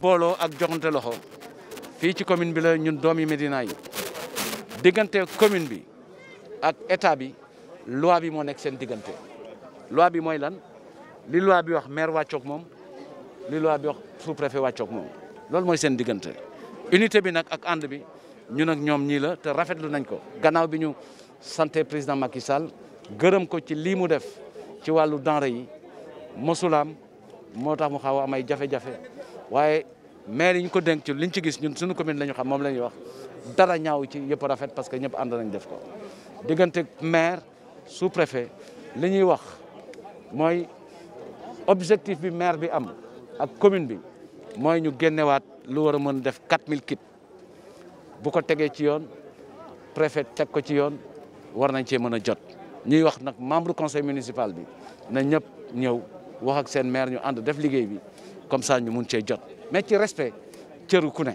booloo ak joxante loxo fii ci commune bi la ñun doomi Médina yi diggante commune bi ak état bi loi bi moo nekk seen diggante loi bi mooy lan li loi bi wax maire wàccoog moom li loi bi wax sous-préfet wàccoog moom loolu mooy seen diggante unité bi nag ak ànd bi ñu ak ñoom ñii la te rafetlu nañ ko gannaaw bi ñu santé président Macky Sall gërëm ko ci lii mu def ci wàllu denrée yi mosulaam moo tax mu xaw a am ay jafe-jafe waaye mair yi ñu ko denc ci liñ ci gis ñun suñu commune la xam moom la wax dara ñaaw ci yëpp rafet parce que ñëpp ànd nañ def ko diggante maire sous préfet li wax mooy objectif bi maire bi am ak commune bi mooy ñu génnewaat lu war a mën def 4000 kits bu ko tegee ci yoon préfet teg ko ci yoon war nañ cee mën a jot ñuy wax nag membre conseil municipal bi na ñëpp ñëw wax ak seen maire ñu ànd def liggéey bi comme ça ñu mun cee jot mais ci respect cëru ku ne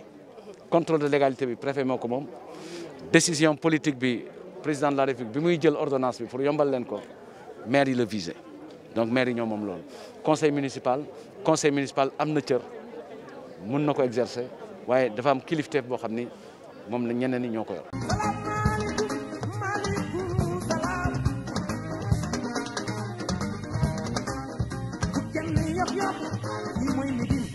contrôle de légalité bi préfet moo ko moom décision politique bi président de la république bi muy jël ordonnance bi pour yombal leen ko maire yi la visé donc maire ñoo moom loolu conseil municipal conseil municipal am na cër mun na ko exercer waaye dafa am kilifteef boo xam ni moom la ñeneen ñi ñoo ko yor yàpp yàpp lii mooy Médine